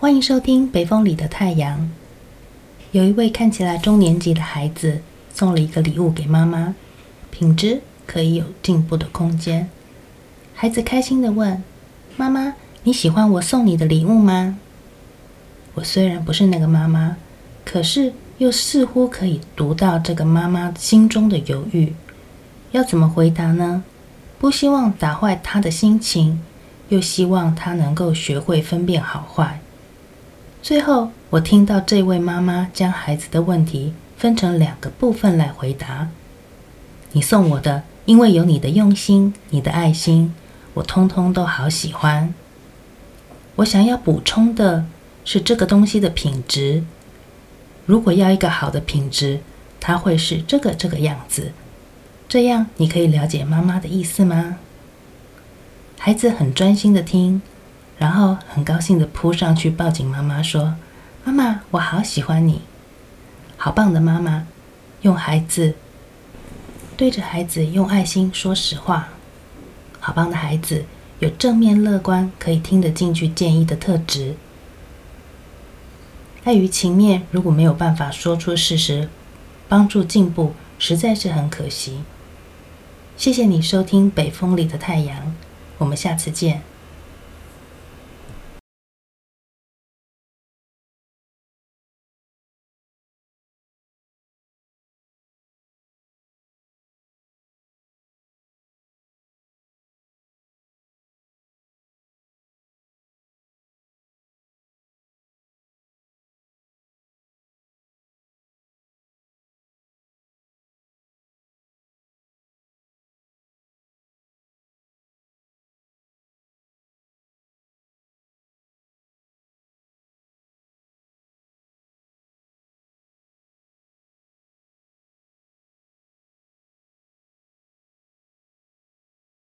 歡迎收聽《北風裡的太陽》。有一位看起來中年級的孩子送了一個禮物給媽媽，品質可以有進步的空間。孩子開心地問：“媽媽，你喜歡我送你的禮物嗎？”我雖然不是那個媽媽，可是又似乎可以讀到這個媽媽心中的猶豫。要怎麼回答呢？不希望打壞她的心情，又希望她能夠學會分辨好壞。最後，我聽到這位媽媽將孩子的問題分成兩個部分來回答：“你送我的，因為有你的用心、你的愛心，我通通都好喜歡。我想要補充的是這個東西的品質。如果要一個好的品質，它會是這個這個樣子。這樣，你可以了解媽媽的意思嗎？”孩子很專心的聽。然後很高興地撲上去抱緊媽媽，說：“媽媽，我好喜歡你。”好棒的媽媽，用孩子對着孩子用愛心說實話。好棒的孩子有正面樂觀、可以聽得進去建議的特質。礙於情面，如果沒有辦法說出事實，幫助進步，實在是很可惜。謝謝你收聽《北風裡的太陽》，我們下次見。